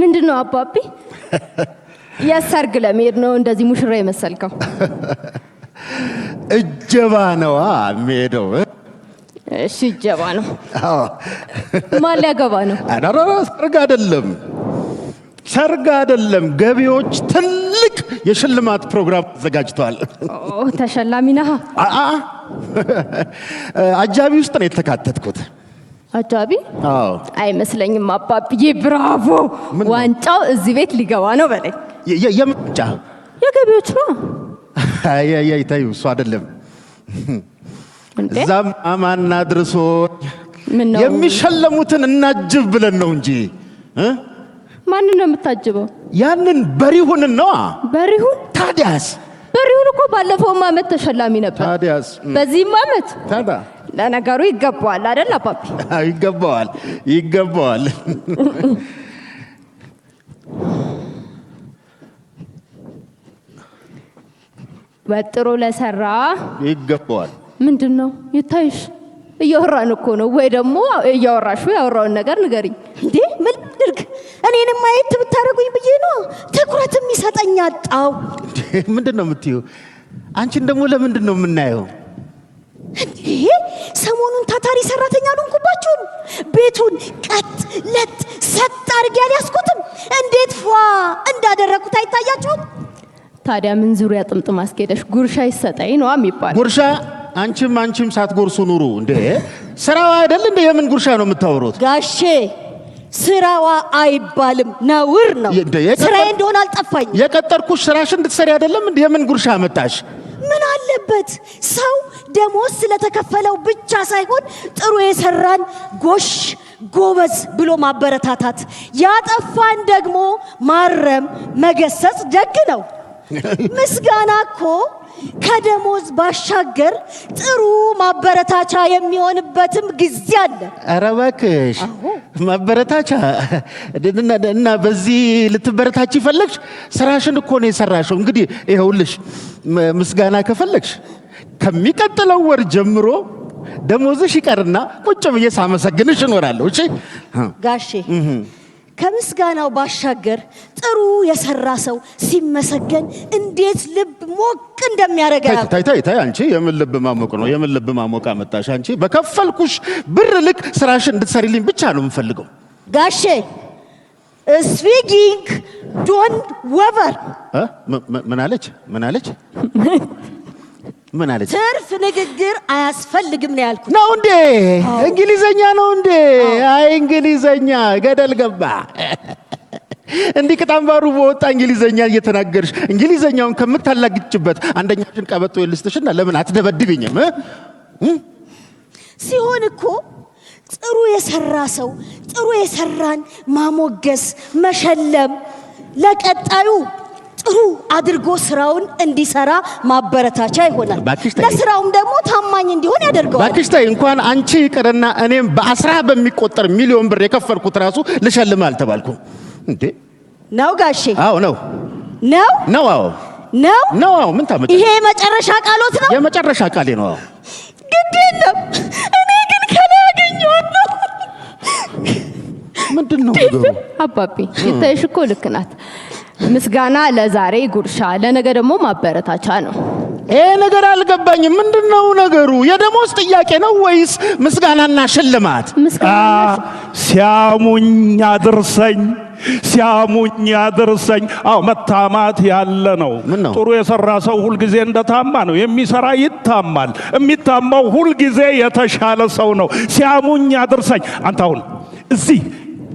ምንድን ነው አባቢ? የሰርግ ለመሄድ ነው እንደዚህ ሙሽራ የመሰልከው? እጀባ ነዋ የሚሄደው። እሺ እጀባ ነው። ማን ሊያገባ ነው? ሰርግ አይደለም፣ ሰርግ አይደለም። ገቢዎች ትልቅ የሽልማት ፕሮግራም ተዘጋጅተዋል ተሸላሚ ነህ? አጃቢ ውስጥ ነው የተካተትኩት። አጃቢ አይመስለኝም። አባብዬ ብራቮ! ዋንጫው እዚህ ቤት ሊገባ ነው በለኝ። የምጫ የገቢዎች ነው። ታዩ፣ እሱ አይደለም። እዛም አማና ድርሶ የሚሸለሙትን እናጅብ ብለን ነው እንጂ ማንን ነው የምታጅበው? ያንን በሪሁንን ነዋ። በሪሁን ታዲያስ? በሪሁን እኮ ባለፈውም አመት ተሸላሚ ነበር። ታዲያስ በዚህም አመት ለነገሩ ይገባዋል አደል አባቢ? ይገባዋል፣ ይገባዋል። ወጥሮ ለሰራ ይገባዋል። ምንድን ነው ይታይሽ? እያወራን እኮ ነው። ወይ ደግሞ እያወራሹ ያወራውን ነገር ንገሪኝ። እንዴ ምን ልድርግ? ማየት ብታደረጉኝ ብዬ ነው። ትኩረትም የሚሰጠኝ አጣው። ምንድን ነው የምትይው? አንቺን ደግሞ ለምንድን ነው የምናየው? እንዴ ሰሞኑን ታታሪ ሰራተኛ አልሆንኩባችሁም? ቤቱን ቀጥ ለጥ ሰጥ አድርጌ አልያዝኩትም? እንዴት ፏ እንዳደረግኩት አይታያችሁም? ታዲያ ምን ዙሪያ ጥምጥም አስኬደሽ ጉርሻ ይሰጠኝ ነው የሚባል ጉርሻ አንቺም አንቺም ሳትጎርሱ ኑሩ እንዴ! ስራዋ አይደል እንዴ? የምን ጉርሻ ነው የምታወሩት? ጋሼ ስራዋ አይባልም ነውር ነው። ስራዬ እንደሆነ አልጠፋኝ የቀጠርኩሽ ስራሽ እንድትሰሪ አይደለም እንዴ? የምን ጉርሻ መጣሽ? ምን አለበት ሰው ደሞዝ ስለተከፈለው ብቻ ሳይሆን ጥሩ የሰራን ጎሽ ጎበዝ ብሎ ማበረታታት፣ ያጠፋን ደግሞ ማረም፣ መገሰጽ ደግ ነው። ምስጋና እኮ ከደሞዝ ባሻገር ጥሩ ማበረታቻ የሚሆንበትም ጊዜ አለ። ኧረ እባክሽ ማበረታቻ እና በዚህ ልትበረታች ይፈለግሽ? ስራሽን እኮ ነው የሰራሽው። እንግዲህ ይኸውልሽ ምስጋና ከፈለግሽ ከሚቀጥለው ወር ጀምሮ ደሞዝሽ ይቀርና ቁጭ ብዬ ሳመሰግንሽ እኖራለሁ። እሺ ጋሼ። ከምስጋናው ባሻገር ጥሩ የሰራ ሰው ሲመሰገን እንዴት ልብ ሞቅ እንደሚያደርግ ታይ ታይ ታይ። አንቺ የምን ልብ ማሞቅ ነው? የምን ልብ ማሞቅ አመጣሽ አንቺ? በከፈልኩሽ ብር ልክ ስራሽ እንድትሰሪልኝ ብቻ ነው የምፈልገው ጋሼ። ስፒኪንግ ዶንት ወቨር ምን አለች? ምን አለች? ምን አለች? ትርፍ ንግግር አያስፈልግም ነው ያልኩት። ነው እንዴ? እንግሊዘኛ ነው እንዴ? አይ እንግሊዘኛ ገደል ገባ። እንዲህ ቅጣምባሩ በወጣ እንግሊዘኛ እየተናገርሽ እንግሊዘኛውን ከምታላግጭበት አንደኛሽን ቀበጦ የልስጥሽና ለምን አትደበድብኝም? ሲሆን እኮ ጥሩ የሰራ ሰው ጥሩ የሰራን ማሞገስ መሸለም ለቀጣዩ ጥሩ አድርጎ ስራውን እንዲሰራ ማበረታቻ ይሆናል። ለስራውም ደግሞ ታማኝ እንዲሆን ያደርገዋል። ባክሽታይ እንኳን አንቺ ይቅርና እኔም በአስራ በሚቆጠር ሚሊዮን ብር የከፈልኩት ራሱ ልሸልም አልተባልኩም። እንዴ ነው ጋሼ? አዎ ነው ነው ነው አዎ ነው ነው አዎ። ምን ታመጣ? ይሄ የመጨረሻ ቃሎት ነው? የመጨረሻ ቃሌ ነው። አዎ ግድ የለም። እኔ ግን ከላይ ያገኘሁት ነው። ምንድን ነው አባቤ? የታየሽ እኮ ልክ ናት። ምስጋና ለዛሬ ጉርሻ፣ ለነገ ደግሞ ማበረታቻ ነው። ይሄ ነገር አልገባኝም። ምንድነው ነገሩ? የደሞዝ ጥያቄ ነው ወይስ ምስጋናና ሽልማት? ሲያሙኝ አድርሰኝ ሲያሙኝ አድርሰኝ። አዎ መታማት ያለ ነው። ጥሩ የሰራ ሰው ሁልጊዜ እንደታማ ነው። የሚሰራ ይታማል። የሚታማው ሁልጊዜ የተሻለ ሰው ነው። ሲያሙኝ አድርሰኝ። አንተ አሁን እዚህ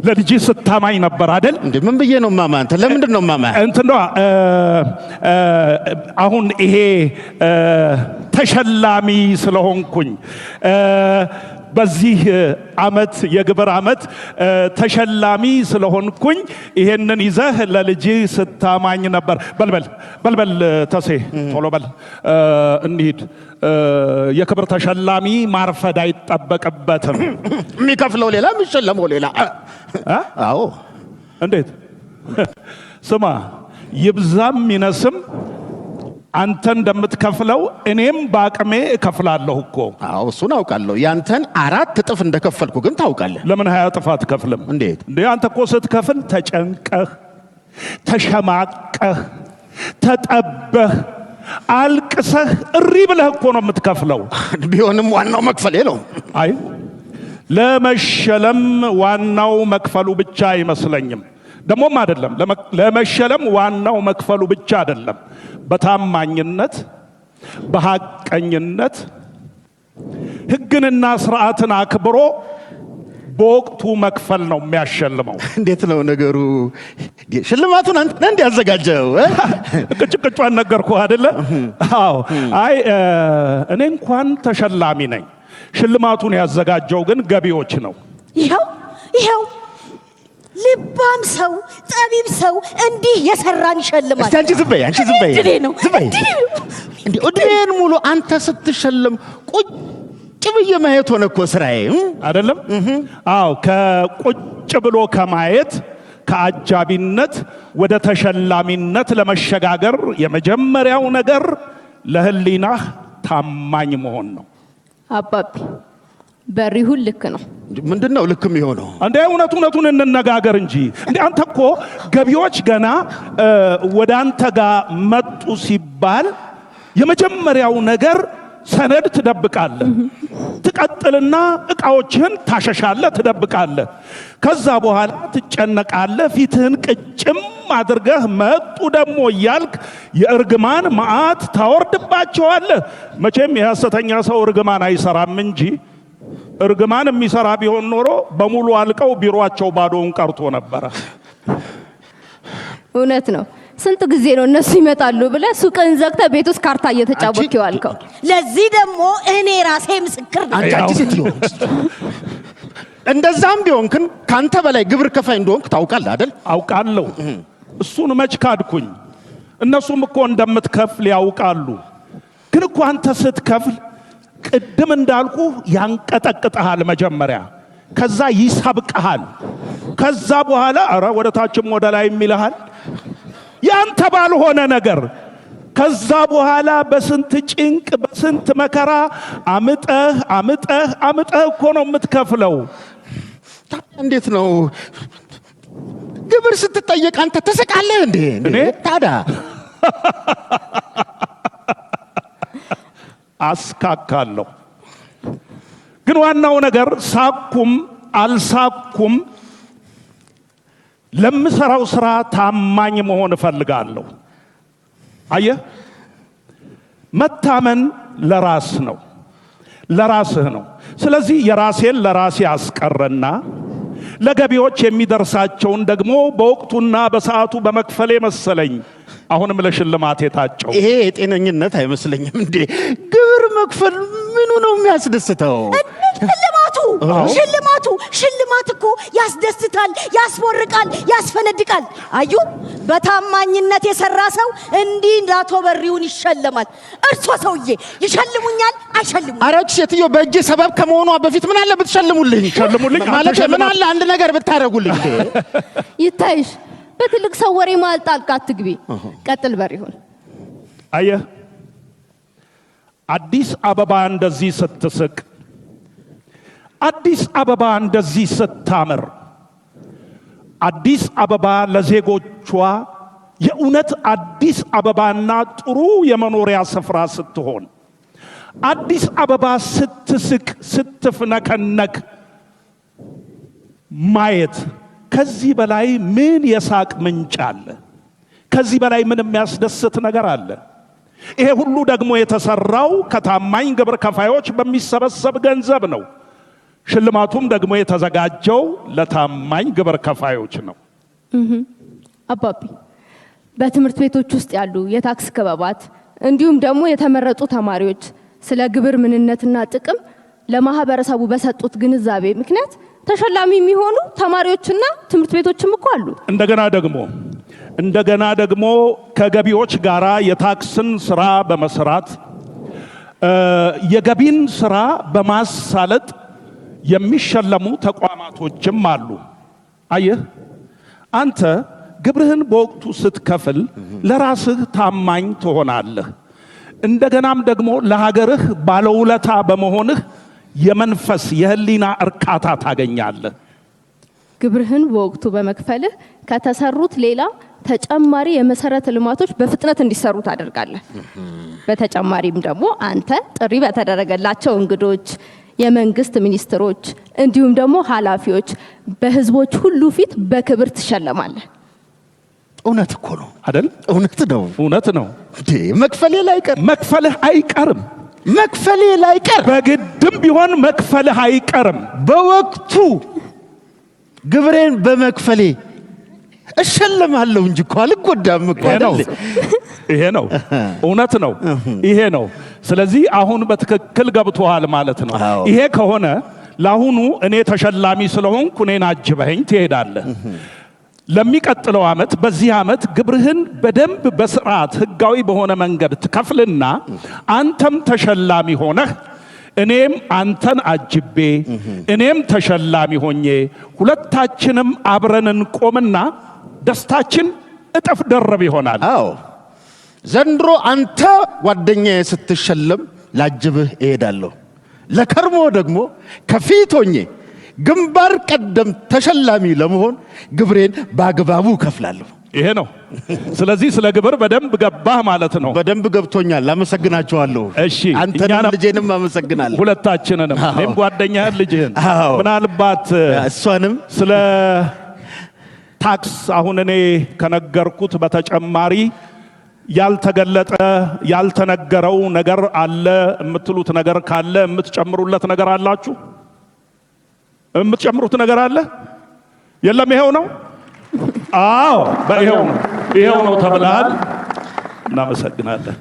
ለልጅ ስታማኝ ነበር አይደል? እንዴ ምን ብዬ ነው ማማ? አንተ ለምንድን ነው ማማ? እንትን አሁን ይሄ ተሸላሚ ስለሆንኩኝ በዚህ አመት የግብር አመት ተሸላሚ ስለሆንኩኝ ይሄንን ይዘህ ለልጅ ስታማኝ ነበር። በልበል በልበል፣ ተሴ ቶሎ በል እንሂድ። የክብር ተሸላሚ ማርፈድ አይጠበቅበትም። የሚከፍለው ሌላ፣ የሚሸለመው ሌላ። አዎ እንዴት? ስማ ይብዛም ይነስም አንተ እንደምትከፍለው እኔም በአቅሜ እከፍላለሁ እኮ። አዎ እሱን አውቃለሁ። ያንተን አራት እጥፍ እንደከፈልኩ ግን ታውቃለህ። ለምን ሀያ እጥፍ አትከፍልም? እንዴት እንዴ! አንተ እኮ ስትከፍል ተጨንቀህ፣ ተሸማቀህ፣ ተጠበህ አልቅሰህ እሪ ብለህ እኮ ነው የምትከፍለው። ቢሆንም ዋናው መክፈሌ ነው። አይ ለመሸለም ዋናው መክፈሉ ብቻ አይመስለኝም። ደግሞም አይደለም ለመሸለም ዋናው መክፈሉ ብቻ አይደለም፣ በታማኝነት በሐቀኝነት ህግንና ስርዓትን አክብሮ በወቅቱ መክፈል ነው የሚያሸልመው። እንዴት ነው ነገሩ? ሽልማቱን አንተ እንዲ ያዘጋጀው ቅጭ ነገርኩ አደለ? አዎ። አይ እኔ እንኳን ተሸላሚ ነኝ። ሽልማቱን ያዘጋጀው ግን ገቢዎች ነው። ይኸው ይኸው ልባም ሰው ጠቢብ ሰው እንዲህ የሰራን ይሸልማል። አንቺ ዝም በይ፣ አንቺ ዝም በይ፣ እድሜን ሙሉ አንተ ስትሸልም ቁጭ ብዬ ማየት ሆነ እኮ ስራዬ አይደለም? አዎ፣ ከቁጭ ብሎ ከማየት ከአጃቢነት ወደ ተሸላሚነት ለመሸጋገር የመጀመሪያው ነገር ለህሊናህ ታማኝ መሆን ነው አባቢ በሪሁን ልክ ነው። ምንድን ነው ልክ የሚሆነው? እንደ እውነት እውነቱን እንነጋገር እንጂ እንደ አንተ እኮ ገቢዎች ገና ወደ አንተ ጋር መጡ ሲባል የመጀመሪያው ነገር ሰነድ ትደብቃለህ። ትቀጥልና እቃዎችህን ታሸሻለህ፣ ትደብቃለህ። ከዛ በኋላ ትጨነቃለህ። ፊትህን ቅጭም አድርገህ መጡ ደግሞ እያልክ የእርግማን መዓት ታወርድባቸዋለህ። መቼም የሐሰተኛ ሰው እርግማን አይሰራም እንጂ እርግማን የሚሰራ ቢሆን ኖሮ በሙሉ አልቀው ቢሮቸው ባዶውን ቀርቶ ነበረ። እውነት ነው። ስንት ጊዜ ነው እነሱ ይመጣሉ ብለህ ሱቅን ዘግተ ቤት ውስጥ ካርታ እየተጫወት የዋልከው? ለዚህ ደግሞ እኔ ራሴ ምስክር ነው። እንደዛም ቢሆንክን ከአንተ በላይ ግብር ከፋይ እንደሆንክ ታውቃለህ አይደል? አውቃለሁ። እሱን መች ካድኩኝ? እነሱም እኮ እንደምትከፍል ያውቃሉ። ግን እኮ አንተ ስትከፍል ቅድም እንዳልኩ ያንቀጠቅጠሃል መጀመሪያ፣ ከዛ ይሰብቅሃል። ከዛ በኋላ አረ ወደ ታችም ወደ ላይ ይልሃል ያንተ ባልሆነ ነገር። ከዛ በኋላ በስንት ጭንቅ በስንት መከራ አምጠህ አምጠህ አምጠህ እኮ ነው የምትከፍለው። እንዴት ነው ግብር ስትጠየቅ አንተ ተሰቃለህ እንዴ? ታዳ አስካካለሁ። ግን ዋናው ነገር ሳኩም አልሳኩም ለምሰራው ስራ ታማኝ መሆን እፈልጋለሁ። አየህ፣ መታመን ለራስ ነው፣ ለራስህ ነው። ስለዚህ የራሴን ለራሴ አስቀረና ለገቢዎች የሚደርሳቸውን ደግሞ በወቅቱና በሰዓቱ በመክፈሌ መሰለኝ አሁንም ለሽልማት የታጨው። ይሄ የጤነኝነት አይመስለኝም እንዴ? መክፈል ምኑ ነው የሚያስደስተው? ሽልማቱ ሽልማቱ ሽልማት እኮ ያስደስታል፣ ያስቦርቃል፣ ያስፈነድቃል። አዩ በታማኝነት የሰራ ሰው እንዲህ ላቶ በሪውን ይሸለማል። እርሶ ሰውዬ ይሸልሙኛል አይሸልሙም? አረች ሴትዮ በእጄ ሰበብ ከመሆኗ በፊት ምን አለ ብትሸልሙልኝ፣ ሸልሙልኝ ማለት ምን አለ አንድ ነገር ብታደረጉልኝ? ይታይሽ በትልቅ ሰው ወሬ መሃል ጣልቃ አትግቢ። ቀጥል በሪሁን አየህ አዲስ አበባ እንደዚህ ስትስቅ፣ አዲስ አበባ እንደዚህ ስታምር፣ አዲስ አበባ ለዜጎቿ የእውነት አዲስ አበባና ጥሩ የመኖሪያ ስፍራ ስትሆን፣ አዲስ አበባ ስትስቅ፣ ስትፍነከነክ ማየት ከዚህ በላይ ምን የሳቅ ምንጭ አለ? ከዚህ በላይ ምን የሚያስደስት ነገር አለ? ይሄ ሁሉ ደግሞ የተሰራው ከታማኝ ግብር ከፋዮች በሚሰበሰብ ገንዘብ ነው። ሽልማቱም ደግሞ የተዘጋጀው ለታማኝ ግብር ከፋዮች ነው። አባቢ በትምህርት ቤቶች ውስጥ ያሉ የታክስ ክበባት እንዲሁም ደግሞ የተመረጡ ተማሪዎች ስለ ግብር ምንነትና ጥቅም ለማህበረሰቡ በሰጡት ግንዛቤ ምክንያት ተሸላሚ የሚሆኑ ተማሪዎችና ትምህርት ቤቶችም እኮ አሉ። እንደገና ደግሞ እንደገና ደግሞ ከገቢዎች ጋራ የታክስን ስራ በመስራት የገቢን ስራ በማሳለጥ የሚሸለሙ ተቋማቶችም አሉ። አየህ አንተ ግብርህን በወቅቱ ስትከፍል ለራስህ ታማኝ ትሆናለህ። እንደገናም ደግሞ ለሀገርህ ባለውለታ በመሆንህ የመንፈስ የህሊና እርካታ ታገኛለህ። ግብርህን በወቅቱ በመክፈልህ ከተሰሩት ሌላ ተጨማሪ የመሰረተ ልማቶች በፍጥነት እንዲሰሩ ታደርጋለህ። በተጨማሪም ደግሞ አንተ ጥሪ በተደረገላቸው እንግዶች፣ የመንግስት ሚኒስትሮች እንዲሁም ደግሞ ኃላፊዎች በህዝቦች ሁሉ ፊት በክብር ትሸለማለህ። እውነት እኮ ነው አይደል? እውነት ነው፣ እውነት ነው። መክፈሌ ላይቀር መክፈልህ አይቀርም መክፈሌ ላይቀር በግድም ቢሆን መክፈልህ አይቀርም። በወቅቱ ግብሬን በመክፈሌ እሸለማለሁ እንጂ እኮ አልጎዳም እኮ። ይሄ ነው እውነት ነው፣ ይሄ ነው። ስለዚህ አሁን በትክክል ገብቶሃል ማለት ነው። ይሄ ከሆነ ለአሁኑ እኔ ተሸላሚ ስለሆንኩ እኔን አጅበኸኝ ትሄዳለህ። ለሚቀጥለው ዓመት በዚህ ዓመት ግብርህን በደንብ በስርዓት ህጋዊ በሆነ መንገድ ትከፍልና አንተም ተሸላሚ ሆነህ እኔም አንተን አጅቤ እኔም ተሸላሚ ሆኜ ሁለታችንም አብረን እንቆምና ደስታችን እጥፍ ደረብ ይሆናል። አዎ ዘንድሮ አንተ ጓደኛዬ ስትሸለም ላጅብህ እሄዳለሁ። ለከርሞ ደግሞ ከፊት ሆኜ ግንባር ቀደም ተሸላሚ ለመሆን ግብሬን በአግባቡ እከፍላለሁ። ይሄ ነው። ስለዚህ ስለ ግብር በደንብ ገባህ ማለት ነው። በደንብ ገብቶኛል። አመሰግናችኋለሁ። እሺ፣ አንተንም ልጄንም አመሰግናለሁ። ሁለታችንንም፣ እኔም ጓደኛህን ልጅህን ምናልባት እሷንም ስለ ታክስ አሁን እኔ ከነገርኩት በተጨማሪ ያልተገለጠ ያልተነገረው ነገር አለ የምትሉት ነገር ካለ የምትጨምሩለት ነገር አላችሁ? የምትጨምሩት ነገር አለ? የለም። ይሄው ነው። አዎ፣ በይሄው ነው። ይሄው ነው ተብለሃል። እናመሰግናለን።